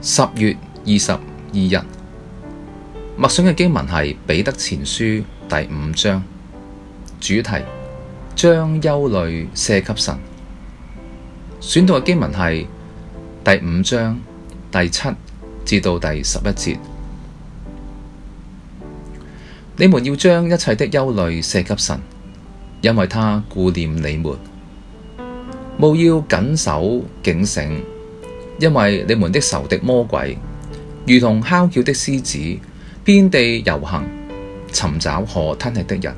十月二十二日默想嘅經文係彼得前書第五章，主題將憂慮卸給神。選讀嘅經文係第五章第七至到第十一節。你們要將一切的憂慮卸給神，因為他顧念你們。務要謹守警醒，因為你們的仇敵魔鬼，如同吼叫的獅子，遍地游行，尋找可吞吃的人。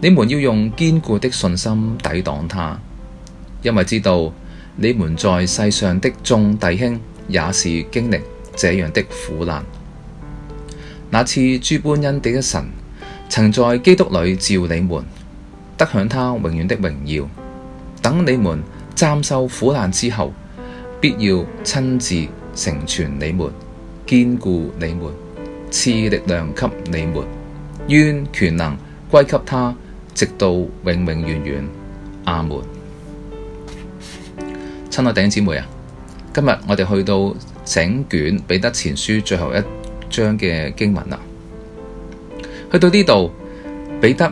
你們要用堅固的信心抵擋他，因為知道你們在世上的眾弟兄也是經歷這樣的苦難。那賜諸般恩典的神，曾在基督裏召你們得享他永遠的榮耀。等你們暫受苦難之後，必要親自成全你們，堅固你們，賜力量給你們，願權能歸給他，直到永永遠遠。阿門。親愛的姐妹啊，今日我哋去到整卷彼得前書最後一章嘅經文啦，去到呢度，彼得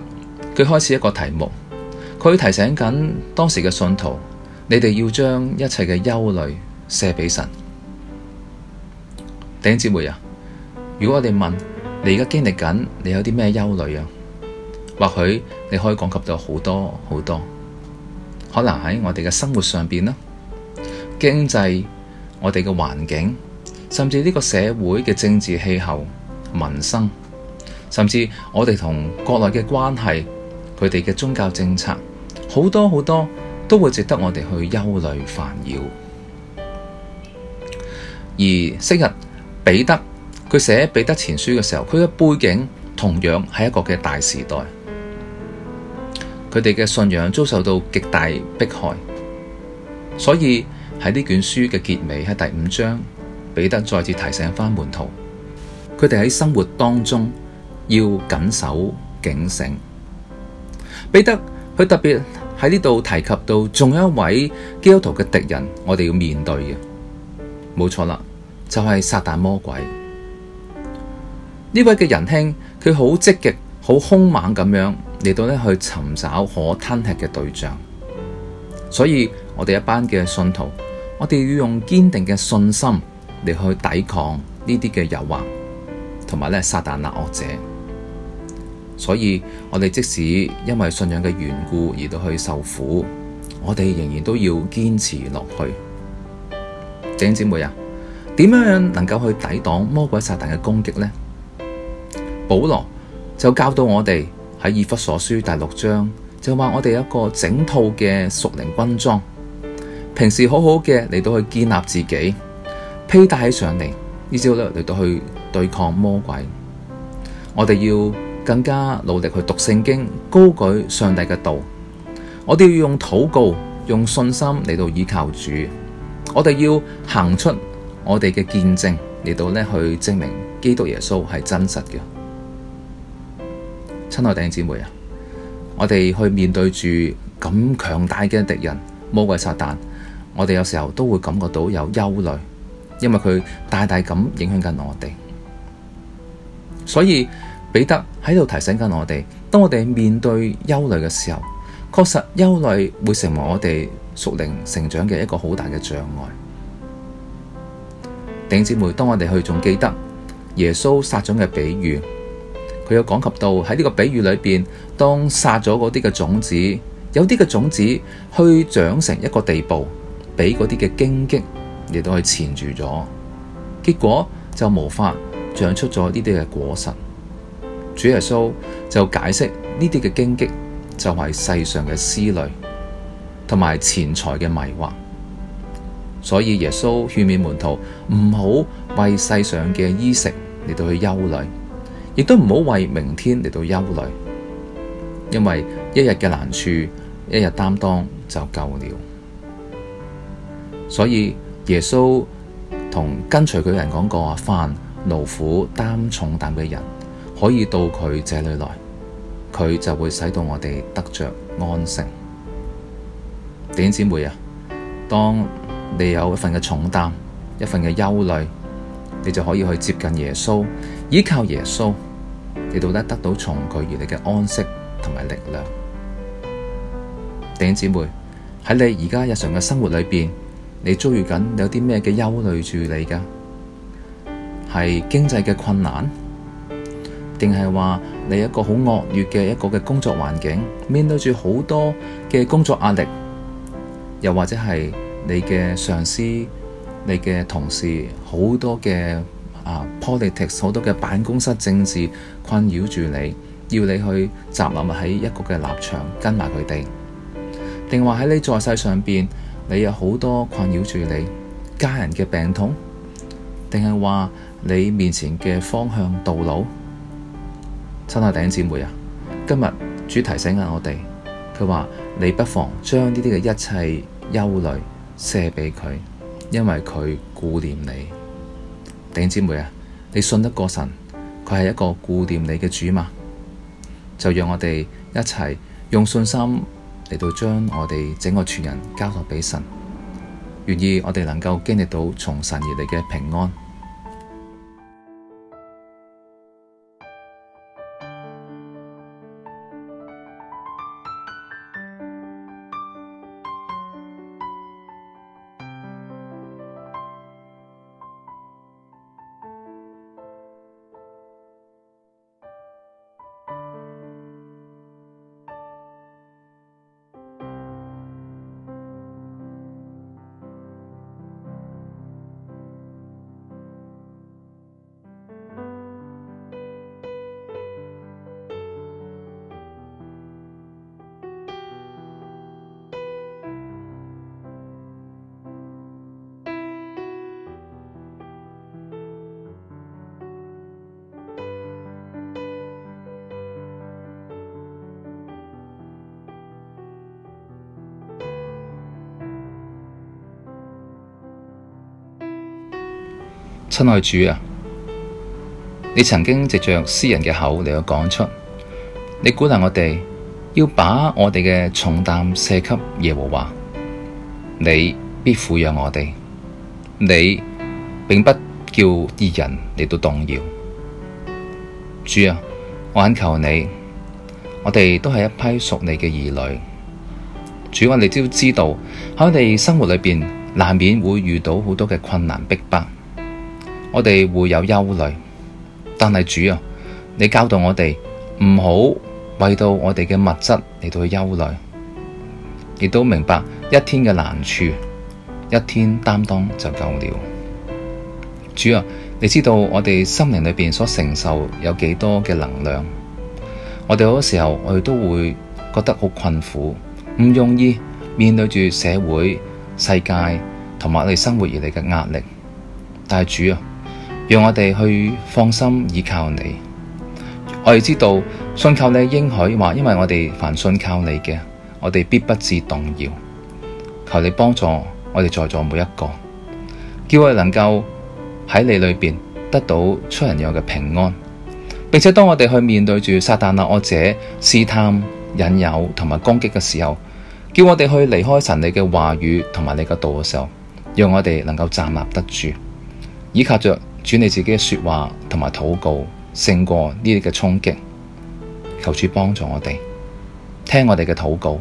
佢開始一個題目，佢提醒緊當時嘅信徒。你哋要將一切嘅憂慮卸俾神，頂姊妹啊！如果我哋問你而家經歷緊，你有啲咩憂慮啊？或許你可以講及到好多好多，可能喺我哋嘅生活上面啦，經濟、我哋嘅環境，甚至呢個社會嘅政治氣候、民生，甚至我哋同國內嘅關係，佢哋嘅宗教政策，好多好多。都會值得我哋去憂慮煩擾，而昔日彼得佢寫彼得前書嘅時候，佢嘅背景同樣係一個嘅大時代，佢哋嘅信仰遭受到極大迫害，所以喺呢卷書嘅結尾喺第五章，彼得再次提醒翻門徒，佢哋喺生活當中要謹守警醒，彼得佢特別。喺呢度提及到，仲有一位基督徒嘅敵人，我哋要面對嘅，冇錯啦，就係撒旦魔鬼呢位嘅仁兄，佢好積極、好凶猛咁樣嚟到咧去尋找可吞吃嘅對象，所以我哋一班嘅信徒，我哋要用堅定嘅信心嚟去抵抗呢啲嘅誘惑，同埋咧撒旦那惡者。所以我哋即使因為信仰嘅緣故而到去受苦，我哋仍然都要堅持落去。弟兄姊妹啊，點樣能夠去抵擋魔鬼撒旦嘅攻擊咧？保羅就教導我哋喺《以弗所書》第六章，就話我哋有一個整套嘅屬靈軍裝，平時好好嘅嚟到去建立自己，披戴起上嚟，呢招咧嚟到去對抗魔鬼。我哋要。更加努力去讀聖經，高舉上帝嘅道。我哋要用禱告，用信心嚟到依靠主。我哋要行出我哋嘅見證嚟到咧，去證明基督耶穌係真實嘅。親愛弟兄姊妹啊，我哋去面對住咁強大嘅敵人魔鬼撒旦，我哋有時候都會感覺到有憂慮，因為佢大大咁影響緊我哋，所以。彼得喺度提醒緊我哋，當我哋面對憂慮嘅時候，確實憂慮會成為我哋屬靈成長嘅一個好大嘅障礙。頂姐妹，當我哋去仲記得耶穌撒種嘅比喻，佢有講及到喺呢個比喻裏邊，當撒咗嗰啲嘅種子，有啲嘅種子去長成一個地步，俾嗰啲嘅荊棘亦都去纏住咗，結果就無法長出咗呢啲嘅果實。主耶穌就解釋呢啲嘅荊棘就係世上嘅思慮，同埋錢財嘅迷惑，所以耶穌勸勉門徒唔好為世上嘅衣食嚟到去憂慮，亦都唔好為明天嚟到憂慮，因為一日嘅難處，一日擔當就夠了。所以耶穌同跟、跟隨佢嘅人講過啊，凡勞苦擔重擔嘅人。可以到佢這裏來，佢就會使到我哋得着安息。弟兄姊妹啊，當你有一份嘅重擔、一份嘅憂慮，你就可以去接近耶穌，依靠耶穌，你到底得到從佢而嚟嘅安息同埋力量。弟兄姊妹，喺你而家日常嘅生活裏邊，你遭遇緊有啲咩嘅憂慮住你噶？係經濟嘅困難？定係話你一個好惡劣嘅一個嘅工作環境，面對住好多嘅工作壓力，又或者係你嘅上司、你嘅同事，好多嘅、uh, politics，好多嘅辦公室政治困擾住你，要你去集納喺一個嘅立場跟埋佢哋。定話喺你在世上邊，你有好多困擾住你家人嘅病痛，定係話你面前嘅方向道路？親愛弟兄姊妹啊，今日主提醒啊我哋，佢話你不妨將呢啲嘅一切憂慮卸畀佢，因為佢顧念你。弟兄姊妹啊，你信得過神，佢係一個顧念你嘅主嘛？就讓我哋一齊用信心嚟到將我哋整個全人交託畀神，願意我哋能夠經歷到從神而嚟嘅平安。親愛主啊，你曾經藉着詩人嘅口嚟到講出，你鼓勵我哋，要把我哋嘅重擔卸給耶和華，你必撫養我哋，你並不叫異人嚟到動搖。主啊，我懇求你，我哋都係一批屬你嘅兒女。主啊，我哋都知道喺我哋生活裏邊難免會遇到好多嘅困難逼迫。我哋會有憂慮，但係主啊，你教導我哋唔好為到我哋嘅物質嚟到去憂慮，亦都明白一天嘅難處，一天擔當就夠了。主啊，你知道我哋心靈裏邊所承受有幾多嘅能量，我哋好多時候我哋都會覺得好困苦，唔容易面對住社會、世界同埋我哋生活而嚟嘅壓力，但係主啊。讓我哋去放心依靠你，我哋知道信靠你應許話，因為我哋凡信靠你嘅，我哋必不至動搖。求你幫助我哋在座每一個，叫我哋能夠喺你裏邊得到出人意外嘅平安，並且當我哋去面對住撒旦者、啊、惡者試探、引誘同埋攻擊嘅時候，叫我哋去離開神你嘅話語同埋你嘅道嘅時候，讓我哋能夠站立得住，依靠着。主你自己嘅說話同埋禱告勝過呢啲嘅衝擊，求主幫助我哋聽我哋嘅禱告，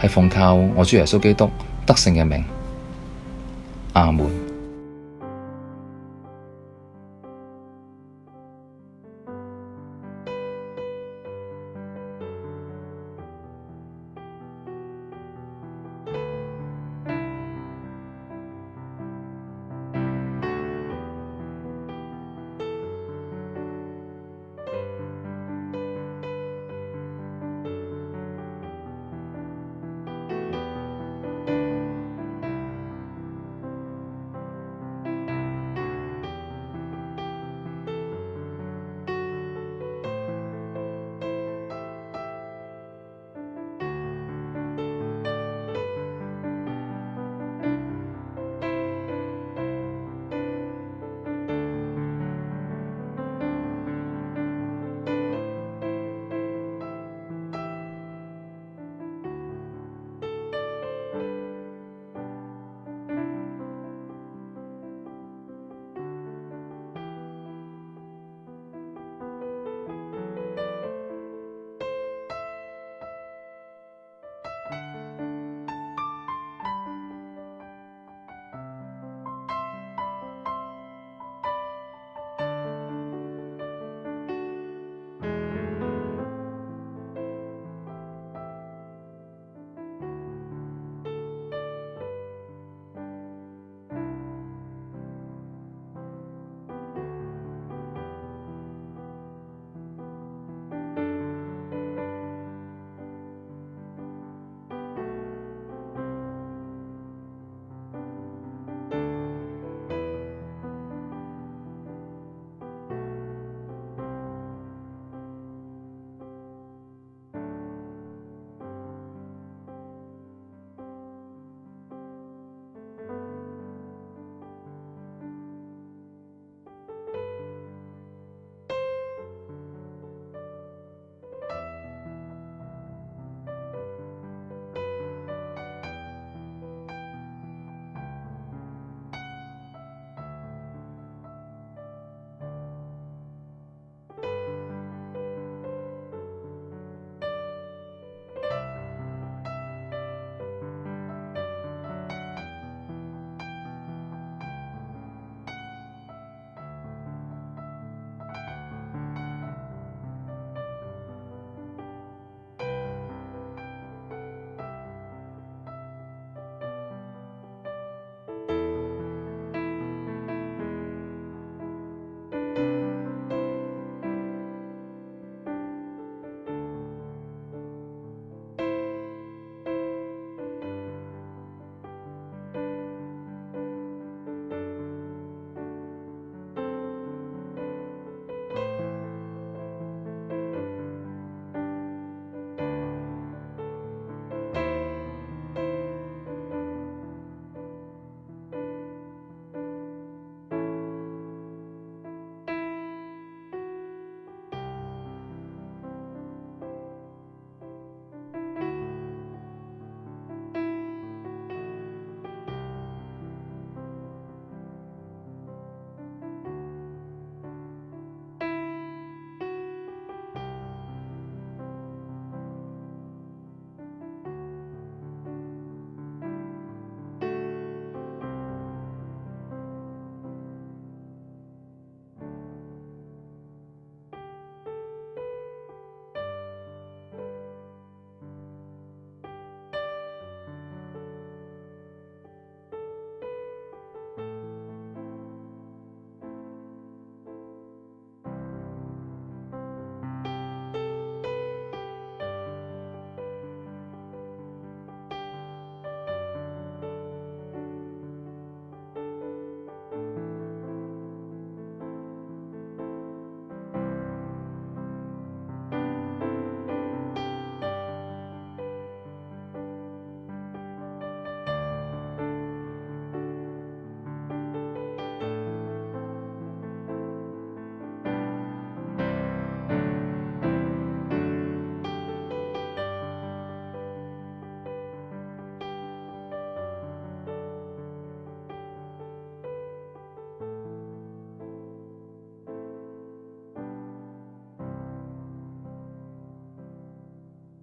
係奉靠我主耶穌基督得勝嘅名，阿門。